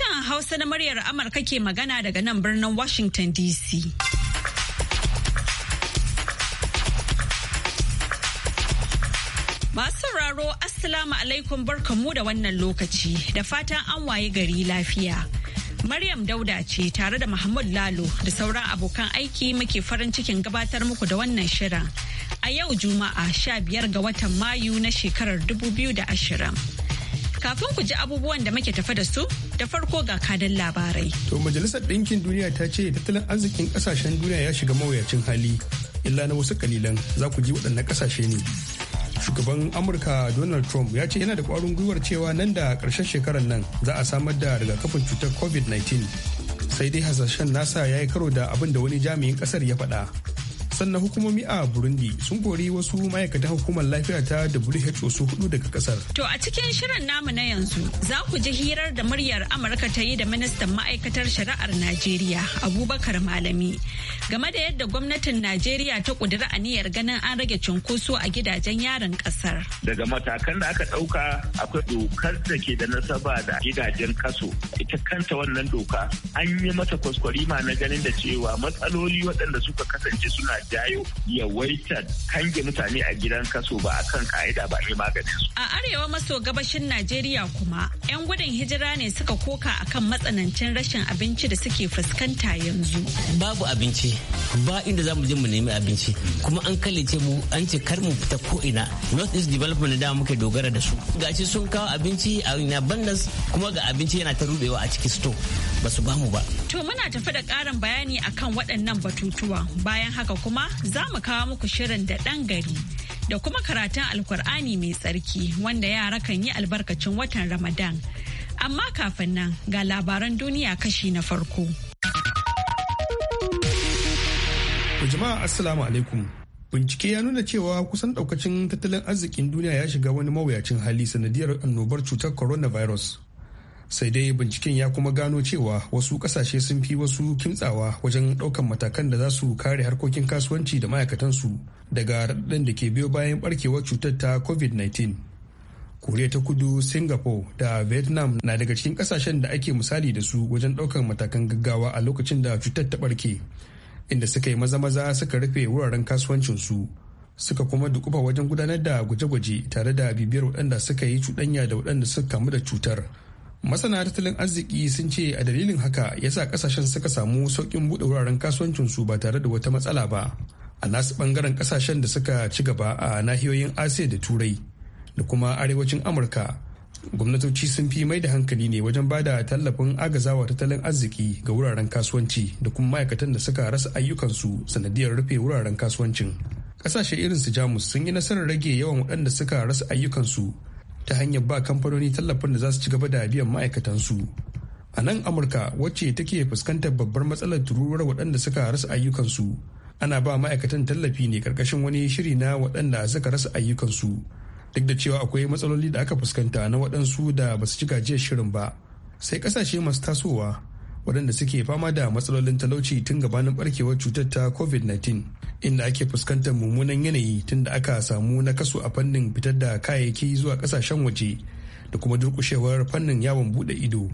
Sashen Hausa na muryar Amurka ke magana daga nan birnin Washington DC. Masu sauraro Assalamu alaikum barkamu da wannan lokaci da fatan an waye gari lafiya. Maryam Dauda ce tare da Muhammad Lalo da sauran abokan aiki muke farin cikin gabatar muku da wannan shirin. A yau Juma'a 15 ga watan Mayu na shekarar 2020. Kafin ku ji abubuwan da muke tafa da su, da farko ga kadan labarai. To Majalisar Ɗinkin Duniya ta ce tattalin arzikin ƙasashen duniya ya shiga mawuyacin hali, illa na wasu kalilan za ku ji waɗannan ƙasashe ne. Shugaban Amurka Donald Trump ya ce yana da ƙwarin gwiwar cewa nan da ƙarshen shekarar nan za a samar da rigakafin cutar COVID-19. Sai dai hasashen nasa ya yi karo da abin da wani jami'in ƙasar ya faɗa. sannan hukumomi a burundi sun kori wasu ma'aikatan hukumar lafiya ta who su hudu daga kasar to a cikin shirin namu na yanzu za ku ji hirar da muryar amurka ta yi da ministan ma'aikatar shari'ar najeriya abubakar malami game da yadda gwamnatin najeriya ta kudura aniyar ganin an rage cunkoso a gidajen yaran kasar daga matakan da aka dauka akwai dokar da ke da nasaba da gidajen kaso ita kanta wannan doka an yi mata kwaskwarima na ganin da cewa matsaloli waɗanda suka kasance suna dayo waita hange mutane a gidan kaso ba a kan ka'ida ba ne maganin su. A arewa maso gabashin Najeriya kuma 'yan gudun hijira ne suka koka akan matsanancin rashin abinci da suke fuskanta yanzu. Babu abinci ba inda za mu je mu nemi abinci kuma an kallace mu an ce kar mu fita ko ina North East Development da muke dogara da su. Gashi sun kawo abinci a ina bandas kuma ga abinci yana ta rubewa a cikin store ba su bamu ba. To muna tafi da ƙarin bayani akan waɗannan batutuwa bayan haka kuma kuma za mu kawo muku shirin da ɗan gari da kuma karatun alkur'ani mai tsarki wanda yara kan yi albarkacin watan Ramadan. Amma kafin nan ga labaran duniya kashi na farko. Jama'a Assalamu alaikum. Bincike ya nuna cewa kusan daukacin tattalin arzikin duniya ya shiga wani mawuyacin hali sanadiyar annobar cutar coronavirus sai dai binciken ya kuma gano cewa wasu kasashe sun fi wasu kimtsawa wajen ɗaukan matakan da za su kare harkokin kasuwanci da ma'aikatansu daga raɗaɗɗen da ke biyo bayan barkewar cutar ta covid-19 koriya ta kudu singapore da vietnam na daga cikin kasashen da ake misali da su wajen ɗaukar matakan gaggawa a lokacin da cutar ta barke inda suka yi maza-maza suka rufe wuraren kasuwancinsu suka kuma dukufa wajen gudanar da gwaje-gwaje tare da bibiyar waɗanda suka yi cuɗanya da waɗanda suka kamu da cutar masana tattalin arziki sun ce a dalilin haka ya sa kasashen suka samu saukin buɗe wuraren kasuwancinsu ba tare da wata matsala ba a nasu ɓangaren kasashen da suka ci gaba a nahiyoyin asiya da turai da kuma arewacin amurka gwamnatoci sun fi mai da hankali ne wajen ba da tallafin agazawa tattalin arziki ga wuraren kasuwanci da kuma ma'aikatan da suka rasa ayyukansu sanadiyar rufe wuraren kasuwancin kasashe irin su jamus sun yi nasarar rage yawan waɗanda suka rasa ayyukansu ta hanyar ba kamfanoni tallafin da za su ci gaba da biyan ma'aikatansu a nan amurka wacce take fuskantar babbar matsalar tururuwar waɗanda suka rasa ayyukansu ana ba ma'aikatan tallafi ne karkashin wani shiri na waɗanda suka rasa ayyukansu duk da cewa akwai matsaloli da aka fuskanta na waɗansu da ba su ci gajiyar shirin ba sai ƙasashe masu tasowa waɗanda suke fama da matsalolin talauci tun gabanin barkewar cutar ta covid-19 inda ake fuskantar mummunan yanayi tun da aka samu na kasu a fannin fitar da kayayyaki zuwa ƙasashen waje da kuma durƙushewar fannin yawon buɗe ido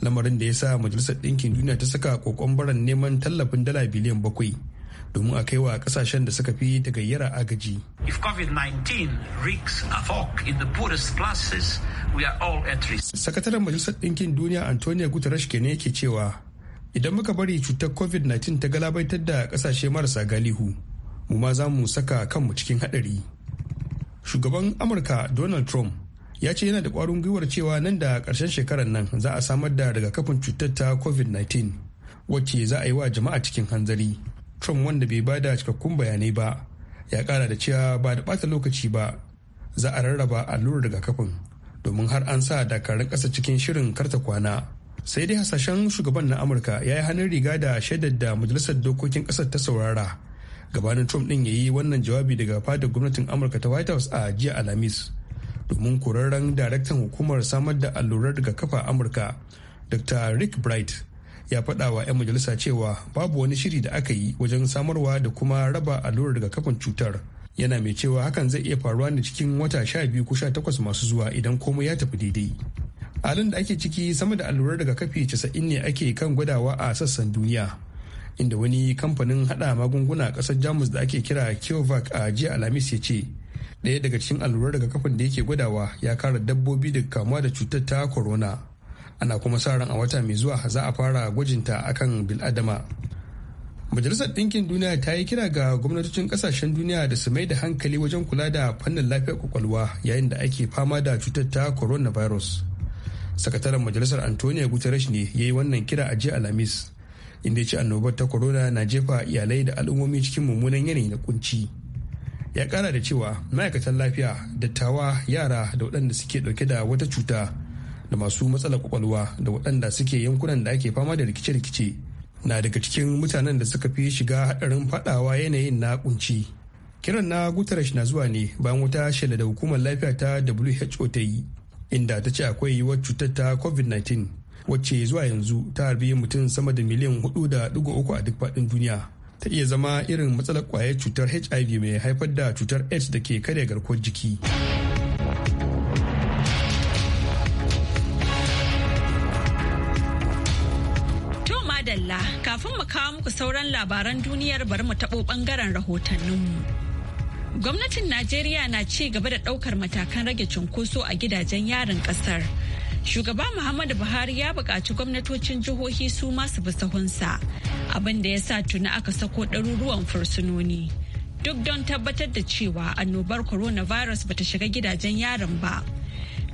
lamarin da ya sa majalisar ɗinkin duniya ta saka kokon baran neman tallafin dala biliyan bakwai domin a kaiwa kasashen da suka fi tagayyara agaji. If COVID-19 wreaks havoc in the poorest classes, we are all at risk. Sakataren Majalisar Ɗinkin Duniya Antonio Guterres ne ke cewa idan muka bari cutar COVID-19 ta galabaitar da kasashe marasa galihu, mu ma za mu saka kanmu cikin haɗari. Shugaban Amurka Donald Trump ya ce yana da kwarin gwiwar cewa nan da ƙarshen shekarar nan za a samar da rigakafin cutar ta covid-19 wacce za a yi wa jama'a cikin hanzari trump wanda bai bada cikakkun bayanai ba ya kara da cewa ba da bata lokaci ba za a rarraba allurar rigakafin domin har an sa dakarun ƙasa cikin shirin karta kwana sai dai hasashen shugaban na amurka ya yi hannun riga da shaidar da majalisar dokokin ƙasar ta saurara gabanin trump din ya yi wannan jawabi daga fadar gwamnatin amurka ta white house a jiya alhamis domin kurarren daraktan hukumar samar da allurar rigakafa amurka dr rick bright ya faɗa wa 'yan majalisa cewa babu wani shiri da aka yi wajen samarwa da kuma raba allurar rigakafin cutar yana mai cewa hakan zai iya faruwa ne cikin wata sha biyu ko sha takwas masu zuwa idan komai ya tafi daidai halin da ake ciki sama da allurar rigakafi casa'in ne ake kan gwadawa a sassan duniya inda wani kamfanin hada magunguna a kasar jamus da ake kira kiovac a jiya alhamis ya ce ɗaya daga cikin allurar rigakafin da yake gwadawa ya kara dabbobi daga kamuwa da cutar ta corona ana kuma sa ran a wata mai zuwa za a fara gwajinta akan biladama majalisar ɗinkin duniya ta yi kira ga gwamnatocin ƙasashen duniya da su mai da hankali wajen kula da fannin lafiyar kwakwalwa yayin da ake fama da cutar ta coronavirus sakataren majalisar antonio guterres ne ya yi wannan kira a jiya alhamis inda ya ce annobar ta corona na jefa iyalai da al'ummomi cikin mummunan yanayi na kunci ya kara da cewa ma'aikatan lafiya dattawa yara da waɗanda suke ɗauke da wata cuta da masu matsalar kwakwalwa da waɗanda suke yankunan da ake fama da rikice-rikice na daga cikin mutanen da suka fi shiga haɗarin faɗawa yanayin na kunci kiran na gutarash na zuwa ne bayan wata shela da hukumar lafiya ta who ta yi inda ta ce akwai yiwuwar cutar ta covid-19 wacce zuwa yanzu ta harbi mutum sama da miliyan 4.3 a duk faɗin duniya ta iya zama irin matsalar kwayar cutar hiv mai haifar da cutar aids da ke karya garkuwar jiki Ku sauran labaran duniyar bari mu taɓo ɓangaren rahotanninmu. Gwamnatin Najeriya na ci gaba da ɗaukar matakan rage cunkoso a gidajen yarin ƙasar. Shugaba Muhammadu Buhari ya buƙaci gwamnatocin jihohi su masu bi sahunsa, abin da ya sa tuni aka sako ɗaruruwan fursunoni. Duk don tabbatar da cewa annobar coronavirus bata shiga gidajen yarin ba.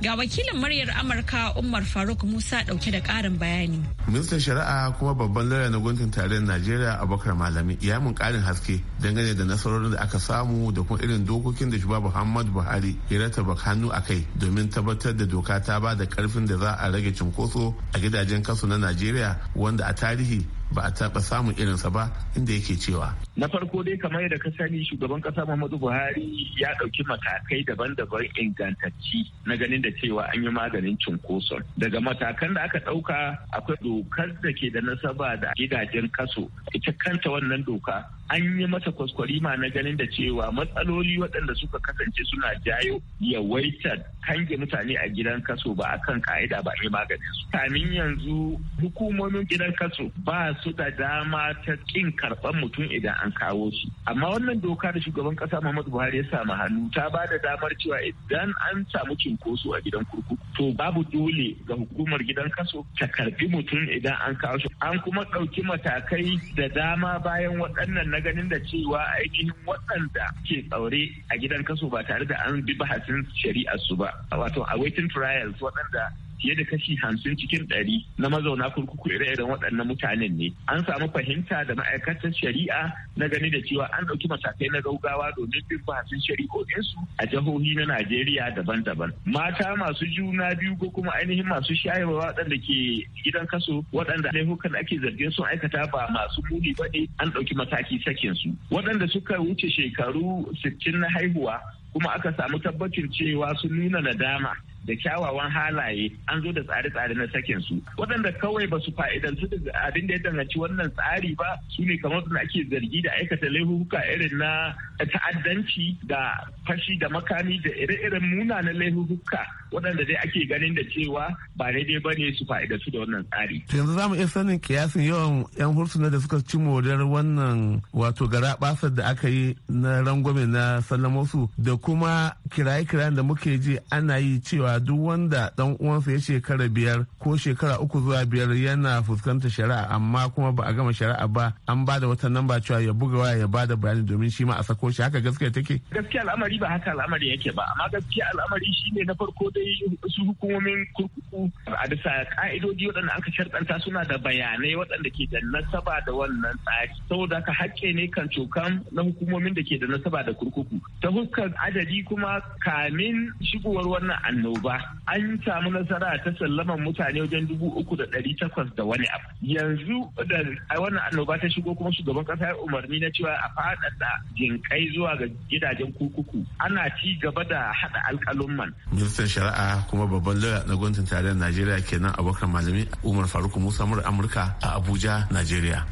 Ga wakilin muryar Amurka Umar Faruk Musa dauke da karin bayani. Ministan Shari'a kuma babban lauya na gwamnatin tarayyar Najeriya Abubakar Malami ya mun karin haske dangane da nasarorin da aka samu da kuma irin dokokin da shugaba muhammad Buhari ya rataba hannu a kai domin tabbatar da doka ta ba da karfin da za a rage cunkoso a gidajen kasu na Najeriya wanda a tarihi ba a taɓa samun irinsa ba inda yake cewa. Na farko dai kamar yadda ka sani shugaban ƙasa Muhammadu Buhari ya ɗauki matakai daban-daban ingantacci na ganin da cewa an yi maganin cunkoson. Daga matakan da aka ɗauka akwai dokar da ke da nasaba da gidajen kaso ita kanta wannan doka an yi mata ma na ganin da cewa matsaloli waɗanda suka kasance suna jayo yawaitar hange mutane a gidan kaso ba a kan ka'ida ba ne maganin su. Kamin yanzu hukumomin gidan kaso ba su da dama ta ƙin karɓar mutum idan an kawo shi. Amma wannan doka da shugaban ƙasa Muhammadu Buhari ya samu hannu ta ba da damar cewa idan an samu cinkoso a gidan kurkuku to babu dole ga hukumar gidan kaso ta karbi mutum idan an kawo shi. An kuma ɗauki matakai da dama bayan waɗannan na ganin da cewa ainihin waɗanda ke tsaure a gidan kaso ba tare da an bi bahasin shari'a su ba wato awaiting trials waɗanda fiye da kashi hamsin cikin ɗari na mazauna kurkuku ire-iren waɗannan mutanen ne an samu fahimta da ma'aikatar shari'a na gani da cewa an ɗauki matakai na gaugawa domin bin bahasin shari'o'insu a jihohi na najeriya daban-daban mata masu juna biyu ko kuma ainihin masu shayarwa waɗanda ke gidan kaso waɗanda laifukan ake zargin sun aikata ba masu muni ba ne an ɗauki mataki sakin su waɗanda suka wuce shekaru sittin na haihuwa kuma aka samu tabbacin cewa sun nuna nadama da kyawawan halaye an zo da tsare-tsare na sakin su waɗanda kawai ba su fa'idantu da abin da ya danganci wannan tsari ba su ne kamar da ake zargi da aikata laifuka irin na ta'addanci da fashi da makami da ire-iren muna na laifuka waɗanda dai ake ganin da cewa ba daidai ba ne su fa'ida su da wannan tsari. yanzu za mu iya sanin kiyasin yawan 'yan hursuna da suka ci modar wannan wato gara basar da aka yi na rangwame na sallamosu da kuma kiraye-kirayen da muke ji ana yi cewa duk wanda dan uwansa ya shekara biyar ko shekara uku zuwa biyar yana fuskantar shari'a amma kuma ba a gama shari'a ba an ba da wata namba cewa ya buga waya ya bada da bayani domin shi ma a sako shi haka gaskiya take. gaskiya al'amari ba haka al'amari yake ba amma gaskiya al'amari shine na farko dai su hukumomin kurkuku a bisa ka'idodi waɗanda aka sharɗanta suna da bayanai waɗanda ke da nasaba da wannan tsari saboda ka hakke ne kan cokan na hukumomin da ke da nasaba da kurkuku ta hukar adadi kuma kamin shigowar wannan annoba an samu nasara ta sallaman mutane wajen dubu uku da ɗari takwas da wani abu yanzu da wannan annoba ta shigo kuma shugaban ƙasa ya umarni na cewa a faɗaɗa jinkai zuwa ga gidajen kurkuku ana ci gaba da haɗa alƙalumman. Ministan shari'a shari'a kuma babban lauya na gwamnatin tarayyar najeriya kenan abokan malami umar faruk musa mura amurka a abuja najeriya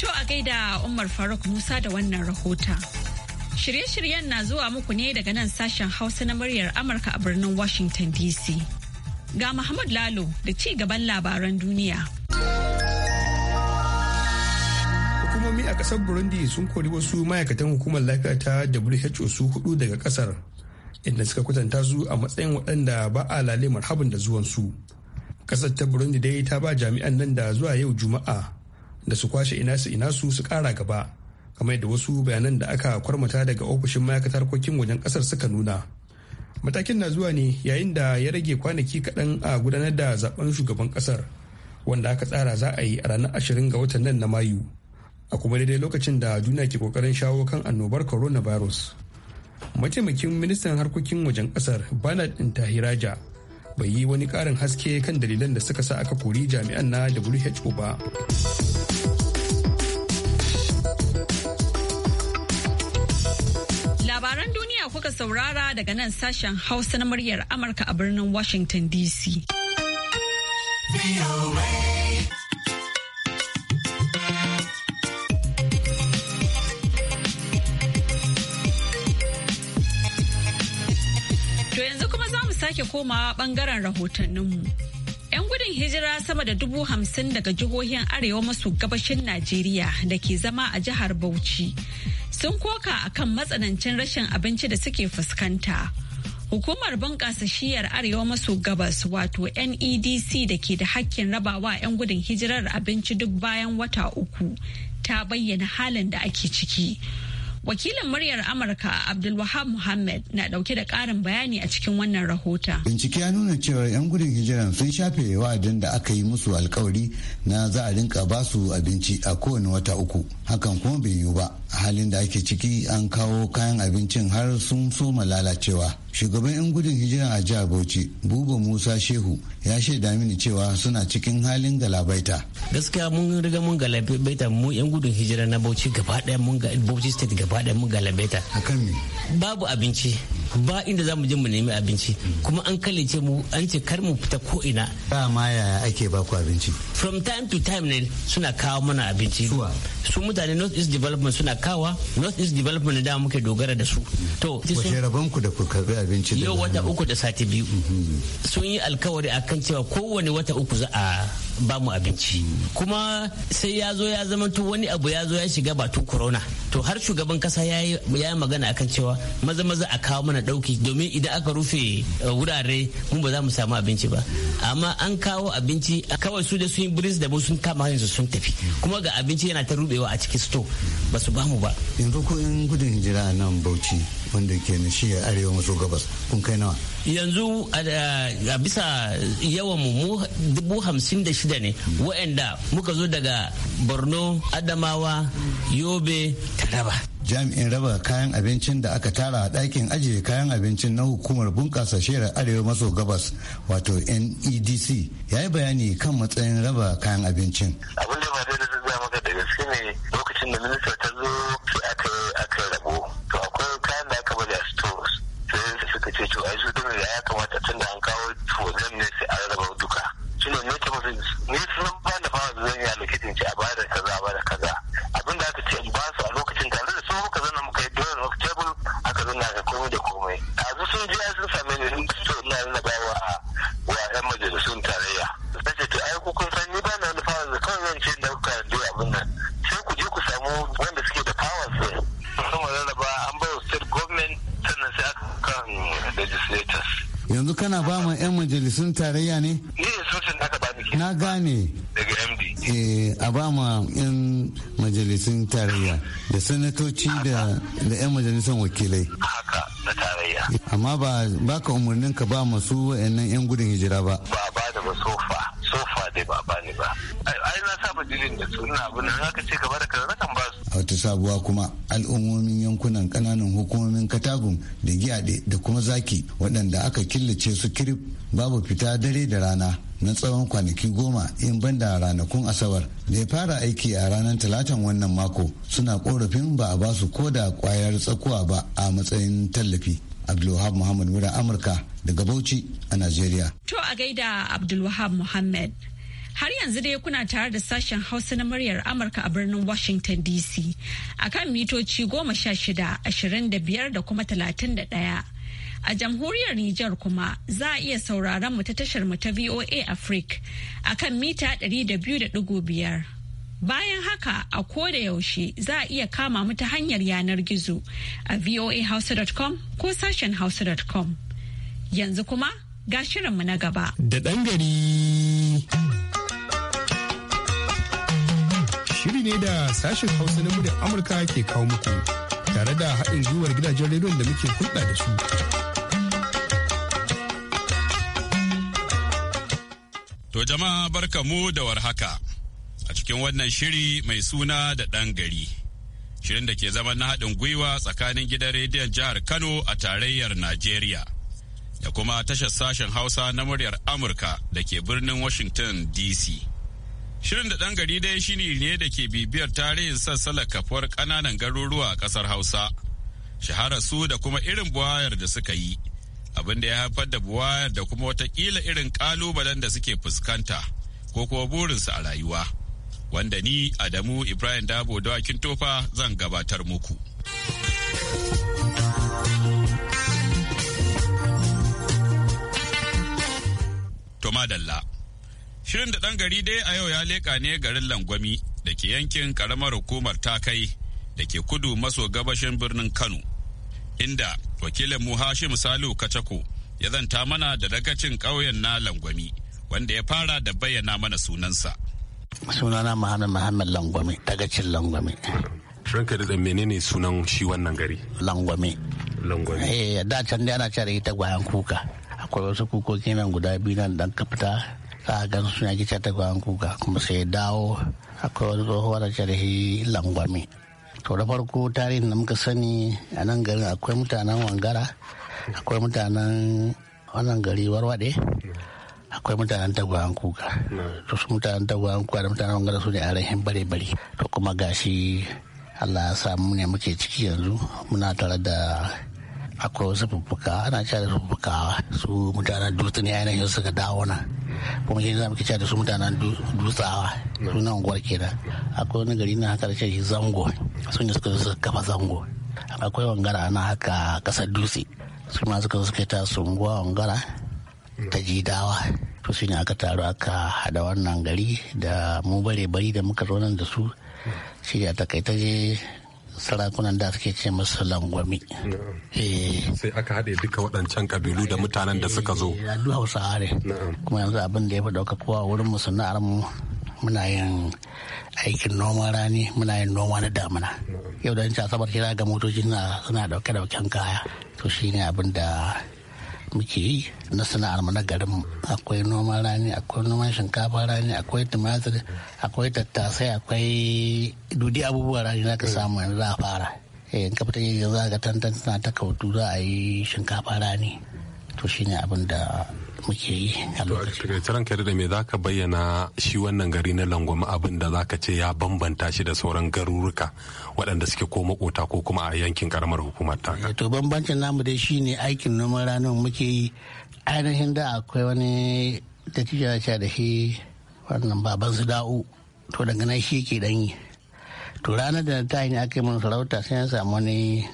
To a gaida Umar Faruk Musa da wannan rahota. Shirye-shiryen na zuwa muku ne daga nan sashen Hausa na muryar Amurka a birnin Washington DC. Ga Muhammad Lalo da ci gaban labaran duniya. a kasar burundi sun kori wasu ma'aikatan hukumar lafiya ta who su hudu daga kasar inda suka kwatanta su a matsayin waɗanda ba a lale habun da zuwan su kasar ta burundi dai ta ba jami'an nan da zuwa yau juma'a da su kwashe ina su ina su su kara gaba kamar da wasu bayanan da aka kwarmata daga ofishin ma'aikatar harkokin wajen kasar suka nuna matakin na zuwa ne yayin da ya rage kwanaki kaɗan a gudanar da zaben shugaban kasar wanda aka tsara za a yi a ranar ashirin ga watan nan na mayu a kuma daidai lokacin da duniya ke kokarin shawo kan annobar coronavirus mataimakin ministan harkokin wajen kasar bernard tahiraja bai yi wani karin haske kan dalilan da suka sa aka kori jami'an na who ba labaran duniya kuka saurara daga nan sashen hausa na muryar amurka a birnin washington dc sake komawa bangaren rahotanninmu. 'Yan gudun hijira sama da dubu hamsin daga jihohin arewa maso gabashin Najeriya da ke zama a jihar Bauchi sun koka a kan matsanancin rashin abinci da suke fuskanta. Hukumar bunƙasa shiyar Arewa maso gabas wato NEDC da ke da hakkin rabawa 'yan gudun hijirar abinci duk bayan wata uku ta bayyana halin da ake ciki. Wakilin muryar Amurka Abdulwahab Muhammad na dauke da karin bayani a cikin wannan rahoton. Bincike ya nuna cewa 'yan gudun hijiran sun shafe wa'adin da aka yi musu alkawari na za a rinka ba su abinci a kowane wata uku. Hakan kuma bai yiwu ba. A halin da ake ciki an kawo kayan abincin har sun soma lalacewa. shugaban 'yan gudun hijira a jihar bauchi buba musa shehu ya shaida mini cewa suna cikin halin galabaita gaskiya mun riga mun galabaita mu 'yan gudun hijira na bauchi gaba daya mun ga bauchi state gaba daya mun galabaita akan me babu abinci ba inda za mu je mu nemi abinci kuma an ce mu an ce kar mu fita ko ina ba ma yaya ake ba ku abinci from time to time ne suna kawo mana abinci su mutane north east development suna kawa north east development da muke dogara da su to wace rabon ku da ku karbi abinci yau wata uku da sati biyu mhm. sun yi alkawari akan cewa kowane wata uku za a ba mu abinci kuma sai ya zo ya zama to wani abu ya zo ya shiga batun corona to har shugaban kasa ya yi magana akan cewa maza maza a kawo mana dauki domin idan aka rufe eh, wurare mun ba za mu samu abinci ba amma an kawo abinci kawai su da sun yi biris da sun kama hanyar sun tafi kuma ga abinci yana ta rubewa a cikin sto ba su ba mu ba yanzu ko in gudun hijira nan bauchi wanda ke shi a arewa maso gabas kun kai nawa yanzu a bisa yawan mu dubu hamsin da shida shida ne waɗanda muka zo daga borno adamawa yobe taraba jami'in raba kayan abincin da aka tara a ɗakin ajiye kayan abincin na hukumar bunƙasa shirar arewa maso gabas wato nedc ya yi bayani kan matsayin raba kayan abincin abin da ba da maka da gaske ne lokacin da minista ta zo musu ni sun ba da fawa zan yi allocating ce a ba da kaza ba da kaza abin da aka ce in ba su a lokacin tare da su muka zana muka yi dole na table aka zana ka komai da komai a zu sun ji sun same ni sun fito ina na ba wa wa yan majalisun tarayya sai ce to ai ku kun san ni ba na da fawa kawai zan da kuka yi abin nan sai ku je ku samu wanda suke da fawa sai sun rarraba an ba wa state government sannan sai aka kan legislators yanzu kana ba ma 'yan majalisun tarayya ne? na gane daga eh, a ba ma yan majalisun tarayya da sanatoci da yan majalisun wakilai haka na tarayya amma ba baka umarnin ka ba masu wayannan yan gudun hijira ba ba ba da ba sofa sofa dai ba ba ne ba ai na saba jirin da suna abin nan haka ce ka da kaza kan ba su a wata sabuwa kuma al'ummomin yankunan kananan hukumomin katagun da giyade da kuma zaki waɗanda aka killace su kirif babu fita dare da rana na tsawon kwanaki goma in banda ranakun asabar da ya fara aiki a ranar talatan wannan mako suna korafin ba a basu ko da kwayar tsakuwa ba a matsayin tallafi abdulwahab muhammad wura amurka daga bauchi a najeriya to a gaida abdulwahab muhammad Har yanzu dai kuna tare da sashen Hausa na muryar Amurka a birnin Washington DC akan mitoci goma sha shida, ashirin da biyar da kuma talatin da ɗaya. A jamhuriyar Nijar kuma za a iya sauraron mu ta tashar mu ta VOA Africa a kan mita 200.5. Bayan haka a koda yaushe za a iya kama mu ta hanyar yanar gizo a voahouse.com ko sashen hausa.com. Yanzu kuma ga shirinmu na gaba. Da ɗan gari. Shiri ne da sashen hausa na muryar Amurka ke kawo muku tare da haɗin gwiwar gidajen rediyon da muke hulɗa da su. To jama'a barka mu da warhaka a cikin wannan shiri mai suna da ɗan gari. Shirin da ke zama na haɗin gwiwa tsakanin gidan rediyon jihar Kano a tarayyar Najeriya da kuma tashar sashen Hausa na muryar Amurka da ke birnin Washington DC. Shirin da ɗan gari dai shiri ne da ke bibiyar tarihin sassalar kafuwar ƙananan garuruwa a ƙasar Hausa, shahararsu da kuma irin buwayar da suka yi. abin da ya haifar da buwa da kuma watakila irin kalubalen da suke fuskanta ko kuma burinsu a rayuwa wanda ni adamu ibrahim dabo dawakin tofa zan gabatar muku tomadalla shirin da ɗan gari dai a yau ya leka ne garin langwami da ke yankin ƙaramar hukumar takai da ke kudu maso gabashin birnin kano inda wakilin mu Hashim Salu ya zanta mana da dagacin ƙauyen na Langwami wanda ya fara da bayyana mana sunansa. Sunana Muhammad Muhammad Langwami dagacin Langwami. Ranka da menene sunan shi wannan gari? Langwami. Langwami. Eh da can da ana cewa ita gwayan kuka. Akwai wasu kukoki nan guda biyu nan dan kafita za a gan suna gita ta gwayan kuka kuma sai dawo akwai wani tsohuwar da shi Langwami. to da farko tarihin da muka sani a nan garin akwai mutanen wangara akwai mutanen wannan gari warwade akwai mutanen taguwan kuka to su mutanen taguwan kuka da mutanen wangara su ne a rahin bare-bare to kuma gashi allah ya samu ne muke ciki yanzu muna tare da akwai wasu fuffuka ana cewa da fuffuka su mutanen dutse ne ainihin suka dawo na kuma shi za mu kica da su mutanen dutsawa sunan unguwar kenan akwai wani gari na haka da shi zango sun yi suka suka kafa zango akwai wangara na haka kasar dutse su ma suka suka ta sunguwa wangara ta jidawa to su ne aka taru aka hada wannan gari da mu bare bari da muka zo nan da su shi ya takaita je sarakunan da suke ce musu langwami. Eh. Sai aka haɗe duka waɗancan kabilu da mutanen da suka zo. Duk eh, Hausa ne. Kuma yanzu abin da ya fi ɗauka kowa wurin mu sana'ar mu muna yin aikin noman rani muna yin noma na damina. Yau da asabar kira ga motoci suna ɗauke-ɗauken kaya. To shine abin da muke yi na sana'ar na mu. akwai noman rani akwai noman shinkafa rani akwai tumatir akwai tattasai akwai dudi abubuwa rani za ka eh. samu yanzu za a fara eh, in ka fita yanzu za ka tantan tana ta kautu za a yi shinkafa rani to shine abin da muke yi a lokacin. To a da me za ka bayyana shi wannan gari na Langwama abin da za ka ce ya bambanta shi da sauran garuruka waɗanda suke ko makota ko kuma a yankin karamar hukumar ta. Eh, to bambancin namu dai shi ne aikin noman ranar muke yi ainihin da akwai wani da da shi wannan baban su da'u to daga nan shi ke danyi. To ranar da ta yi aka yi mun sarauta sai ya samu wani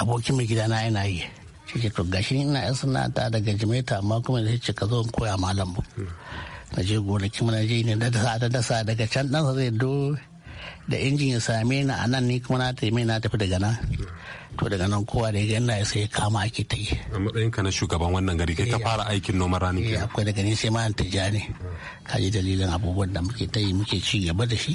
abokin mai gida gidana yana yi. shi to gashi ina yan sana'ata daga jimaita amma kuma da shi ka zo in koya malam ba na je gonaki mana je ne da dasa da dasa daga can ɗansa zai do da injin ya same ni a nan ni kuma na tafi na tafi daga nan to daga nan kowa da ya ga ya sai kama ake ta yi a matsayin ka na shugaban wannan gari kai ka eh, fara aikin noman rani eh, akwai daga ni sai ma tijani ka ji dalilin abubuwan da muke ta yi muke ci gaba da shi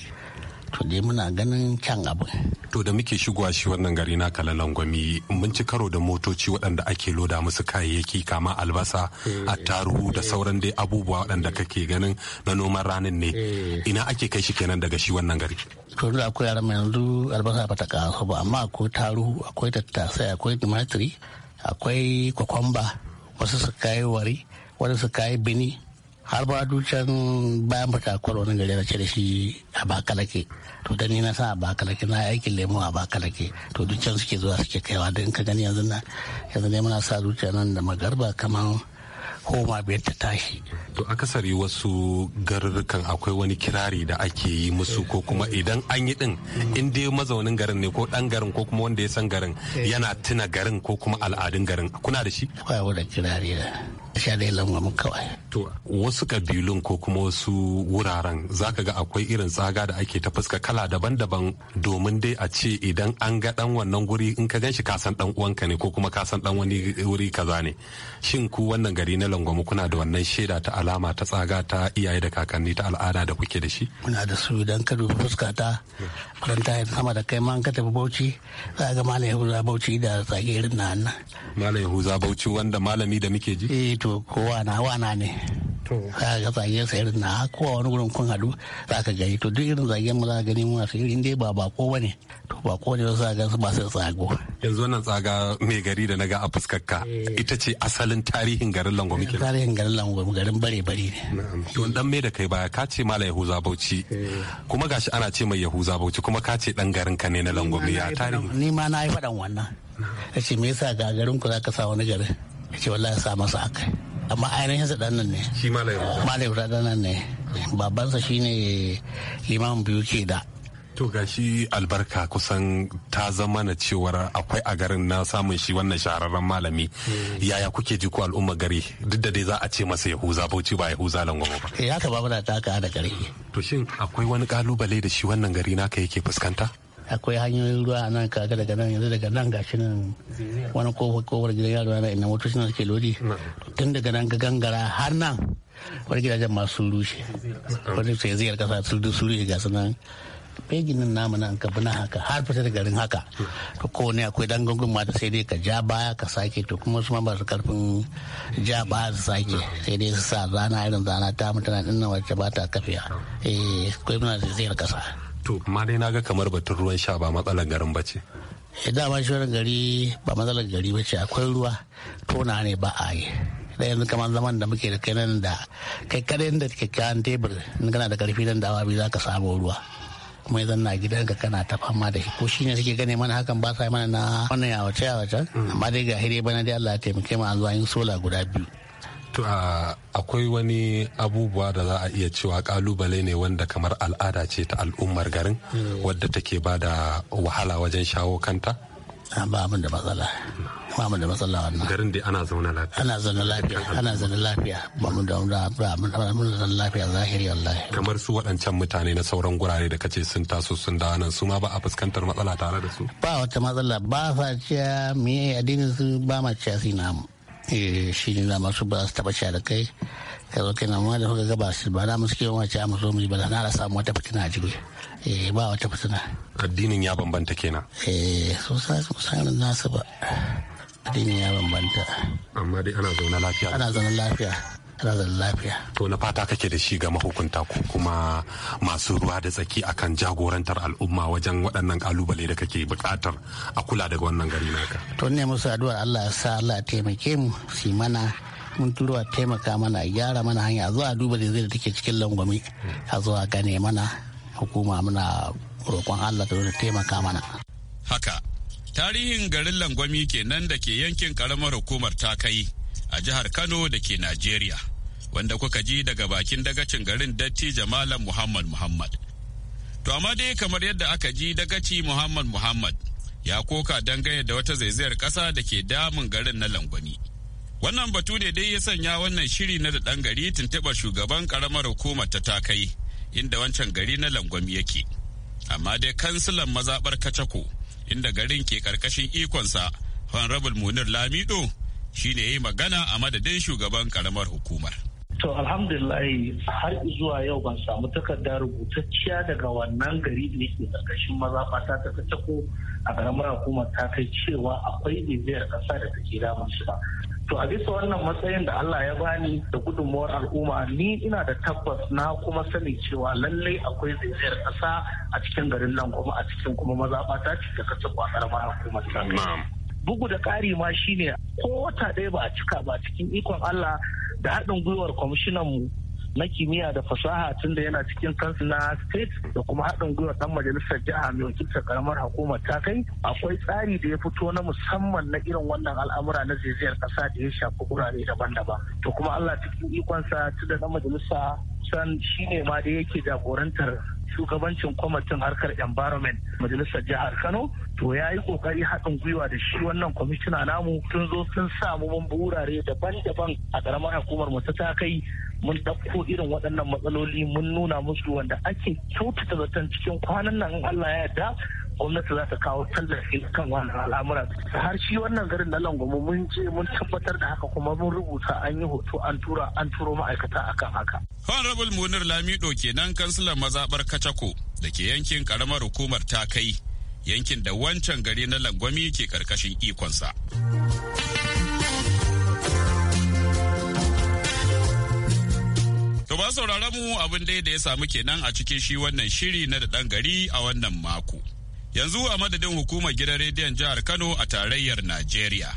to dai muna ganin kyan abu to da muke shigowa shi wannan gari na kalalan gwami mun ci karo da motoci waɗanda ake loda musu kayayyaki kama albasa eh. attaruhu da sauran dai abubuwa waɗanda kake ganin na noman ranin ne eh. ina ake kai shi kenan daga shi wannan gari to da akwai yaran yanzu albasa bata kasu ba amma akwai taruhu akwai tattasai akwai tumatiri akwai kwakwamba wasu su kayi wari wasu su kayi bini har ba ducan bayan fata kwaro wani gari na cire da shi a bakalake to da na sa a bakalake na aikin lemo a bakalake to dukkan suke zuwa suke kaiwa don ka gani yanzu na yanzu ne muna sa dukkan nan da magarba kamar homa biyar ta tashi. To akasari wasu garurrukan akwai wani kirari da ake yi musu ko kuma idan an yi din in dai mazaunin garin ne ko dan garin ko kuma wanda ya san garin eh. yana tuna garin ko kuma al'adun garin kuna da shi? Akwai wani kirari da. sha da mun kawai. To wasu kabilun ko kuma wasu wuraren zaka ga akwai irin tsaga da ake ta fuska kala daban-daban domin dai a ce idan an ga dan wannan guri in ka gan shi kasan dan uwanka ne ko kuma kasan dan wani wuri kaza ne. Shin ku wannan gari na langwamu kuna da wannan shaida ta alama ta tsaga ta iyaye da kakanni ta al'ada da kuke da shi muna da su idan ka dubi fuska ta faranta yin sama da kai ma ka tafi bauchi za ga malam yahuza bauchi da tsage irin na hannu. malam yahuza bauchi wanda malami da muke ji eh to kowa na wana ne za ga tsage sa irin na kowa wani gurin kun hadu za ka gani to duk irin zagen mu za ka gani mu masu irin dai ba ba ba ne ba ko ne za ga masu tsago yanzu wannan tsaga mai gari da naga a fuskarka eh. ita ce asalin tarihin garin Langwami kenan tarihin garin Langwami garin bare bare ne to dan me da kai baya ka ce mala Yahuza Bauchi eh. kuma gashi ana ce mai Yahuza Bauchi kuma ka ce dan garin ka ne na Langwami ya tarihi ni ma na yi faɗan wannan ce me yasa ga garin ku zaka sa wani garin ce wallahi sa masa akai amma ainihin sa dan nan ne shi mala Yahuza mala Yahuza dan nan ne babansa shine liman biyu ke da To gashi albarka kusan ta zama na cewar akwai a garin na samun shi wannan shahararren malami. Hmm. Yaya kuke ji ko al'umma gari duk da dai za a ce masa Yahuza Bauchi ba Yahuza Langwamo ba. Ya eh, ba muna taka da gari. To shin akwai wani kalubale da shi wannan gari naka yake fuskanta? akwai hanyoyin ruwa a nan kaga daga nan yanzu daga nan gashi nan wani kofar gidan yaro na ina motoci na suke lodi tun daga nan ga gangara har nan wani gidajen masu rushe wani sai zai kasa su rushe ga nan fegin nan namu nan ka bina haka har fita da garin haka to kowane akwai dan gungun mata sai dai ka ja baya ka sake to kuma su ma ba su karfin ja baya su sake sai dai su sa zana irin zana ta mutane dinnan wacce ba ta kafiya eh akwai muna zai kasa to amma dai naga kamar batun ruwan sha ba matsalar garin ba ce eh, dama shirin gari ba matsalar gari bace akwai ruwa tona ne ba a yi da yanzu kamar zaman da muke da kai nan da kai kadai da kyakkyawan tebur in kana da karfi nan da awa biyu za ka samu ruwa mai zanna gidan ka kana ta fama da shi ko shine suke gane mana hakan ba sa mana na wannan ya wace ya wace amma dai ga hire bana dai Allah ya taimake mu an zo an sola guda biyu to akwai wani abubuwa da za a iya cewa kalubale ne wanda kamar al'ada ce ta al'ummar garin hmm. wadda take ba da wahala wajen shawo kanta ba abin da matsala ba mu da matsala wannan garin dai ana zauna lafiya ana zauna lafiya ana zauna lafiya ba mu da mu da lafiya zahiri wallahi kamar su waɗancan mutane na sauran gurare da kace sun taso sun da nan su ma ba a fuskantar matsala tare da su ba wata matsala ba fa ciya me addinin su ba ma ciya su eh shi ne na masu ba su taba da kai kai zo kenan ma da kuka gaba su ba na musu kewa wace a zo mu ba na mu wata fitina a jiki eh, ba wata fitina addinin ya bambanta kenan eh sosai sosai na nasu ba din ya bambanta amma dai ana zaune lafiya ana zaune lafiya ana zaune lafiya to na fata kake da shi ga mahukunta ku kuma masu ruwa da tsaki akan jagorantar al'umma wajen waɗannan kalubale da kake buƙatar a kula daga wannan gari naka to ne musu addu'ar Allah ya sa Allah ya taimake mu si mana mun turo a taimaka mana a gyara mana hanya zuwa duba da zai da take cikin langwami a zuwa gane mana hukuma muna roƙon Allah ta taimaka mana haka Tarihin garin Langwami kenan da ke yankin karamar hukumar ta kai a jihar Kano da ke Najeriya, wanda kuka ji daga bakin dagacin garin datti Malam Muhammad Muhammad. To amma dai kamar yadda aka ji dagaci Muhammad Muhammad ya koka dangane da wata zaizayar kasa da ke damun garin na langwami Wannan batu ne dai ya sanya wannan shiri na da ɗan gari tuntuɓar shugaban karamar hukumar ta takai inda wancan gari na Langwami yake. Amma dai kansilan mazaɓar Kacako inda garin ke karkashin ikonsa honorable munir lamido shine ya magana a madadin shugaban karamar hukumar to alhamdulillahi har zuwa yau ban samu takarda rubutacciya daga wannan gari da yake karkashin mazaɓa ta ta ko a karamar hukumar ta kai cewa akwai bibiyar ƙasa da take damun shi ba To a bisa wannan matsayin da Allah ya bani da gudunmuwar al'umma ni ina da tabbas na kuma sani cewa lallai akwai zaizayar ƙasa a cikin garin nan kuma a cikin kuma ba ta cika kasa kwakar mara hukumar bugu da ƙari ma shine ko wata ɗaya ba a cika ba cikin ikon Allah da haɗin gwiwar kwamishinan mu na kimiyya da fasaha tun da yana cikin kansu na state da kuma haɗin gwiwa ɗan majalisar jiha mai wakiltar karamar hukumar ta kai akwai tsari da ya fito na musamman na irin wannan al'amura na zaizayar ƙasa da ya shafi wurare daban-daban to kuma allah cikin ikonsa tun da ɗan majalisa san shine ma da yake jagorantar shugabancin kwamitin harkar environment majalisar jihar kano to ya yi kokari haɗin gwiwa da shi wannan kwamishina namu tun zo sun samu mun wurare daban-daban a ƙaramar hukumar mu ta kai mun ɗauko irin waɗannan matsaloli mun nuna musu wanda ake kyautata zaton cikin kwanan nan Allah ya yarda gwamnati za ta kawo tallafi kan wannan al'amura har shi wannan garin na langwamu mun je mun tabbatar da haka kuma mun rubuta an yi hoto an tura an turo ma'aikata akan haka. honorable munir lamido kenan kansilan mazabar kacako da ke yankin karamar hukumar ta kai yankin da wancan gari na langwami ke karkashin ikonsa. To ba sauraron mu abin dai da ya samu kenan a cikin shi wannan shiri na da ɗan gari a wannan mako. Yanzu a madadin hukumar gidan rediyon jihar Kano a tarayyar Najeriya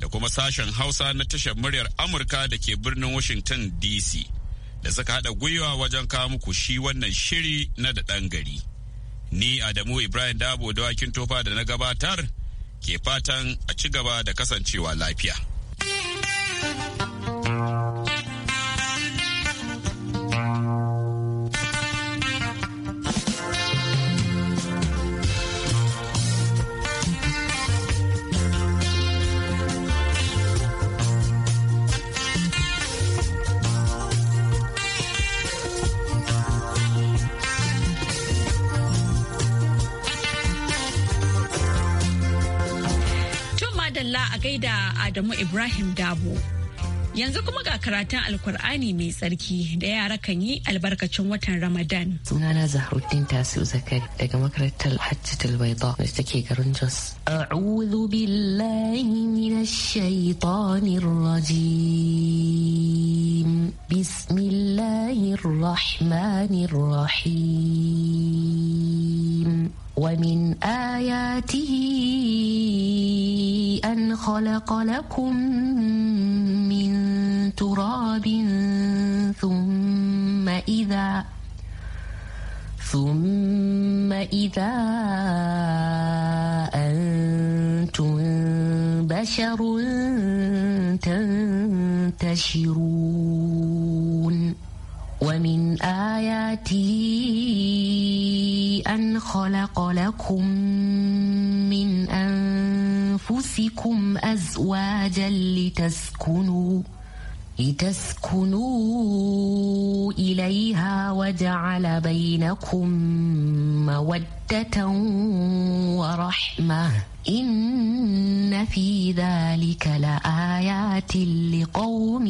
da kuma sashen Hausa na tashar muryar Amurka da ke birnin Washington DC da suka haɗa gwiwa wajen kawo muku shi wannan shiri na da ɗan gari. Ni Adamu Ibrahim Dabo da wakin tofa da na gabatar ke fatan a ci gaba da kasancewa lafiya. da Adamu Ibrahim Dabo. Yanzu kuma ga karatun Alkur'ani mai tsarki da yara kan yi albarkacin watan Ramadan. Sunana Zahruddin Tasiu Zakari daga makarantar Hajjatul Baida da take garin Jos. A'udhu billahi minash shaitanir rajim. Bismillahir rahmanir rahim. الرحيم ومن آياته أن خلق لكم من تراب ثم إذا ثم إذا أنتم بشر تنتشرون ومن آياته أن خلق لكم من أنفسكم أزواجا لتسكنوا لتسكنوا إليها وجعل بينكم مودة ورحمة إن في ذلك لآيات لقوم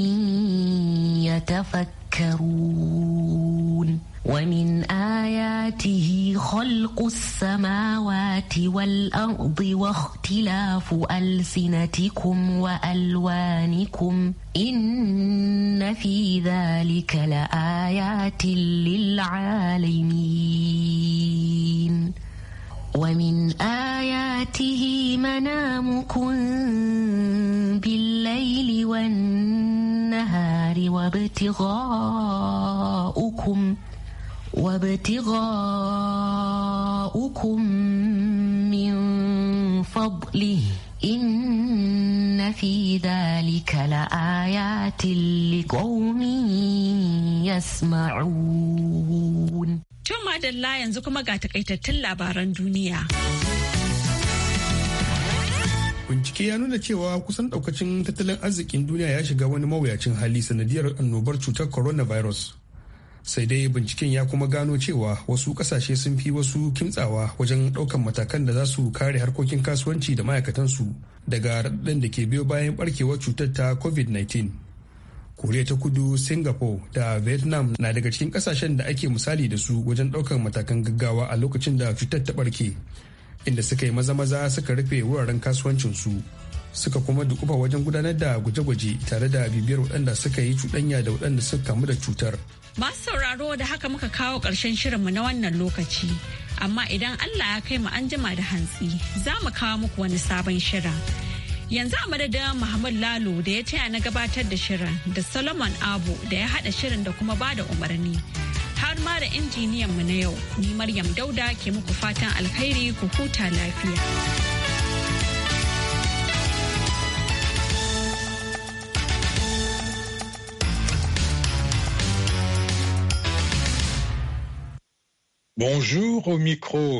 يتفكرون ومن آياته خلق السماوات والأرض واختلاف ألسنتكم وألوانكم إن في ذلك لآيات للعالمين ومن آياته منامكم بالليل والنهار وابتغاؤكم ۖ وابتغاءكم من فضله إن في ذلك لآيات لقوم يسمعون Tun madalla yanzu kuma ga takaitattun labaran duniya. Bincike ya nuna cewa kusan daukacin tattalin arzikin duniya ya shiga wani mawuyacin hali sanadiyar annobar cutar coronavirus. sai dai binciken ya kuma gano cewa wasu kasashe sun fi wasu kimtsawa wajen ɗaukan matakan da za su kare harkokin kasuwanci da ma'aikatansu daga raɗaɗɗen da ke biyo bayan barkewar cutar ta covid-19 koriya ta kudu singapore da vietnam na daga cikin kasashen da ake misali da su wajen ɗaukan matakan gaggawa a lokacin da cutar ta barke inda suka yi maza-maza suka rufe wuraren kasuwancinsu suka kuma dukufa wajen gudanar da gwaje-gwaje tare da bibiyar waɗanda suka yi cuɗanya da waɗanda suka kamu da cutar Masu sauraro da haka muka kawo ƙarshen shirinmu na wannan lokaci. Amma idan Allah ya kai mu an jima da hantsi, za mu kawo muku wani sabon shirin. Yanzu a madadin Muhammad Lalo da ya taya na gabatar da shirin da Solomon Abu da ya haɗa shirin da kuma ba da umarni. Har ma da injiniyan mu na yau, ni Maryam Dauda ke muku fatan alkhairi ku huta lafiya. Bonjour au micro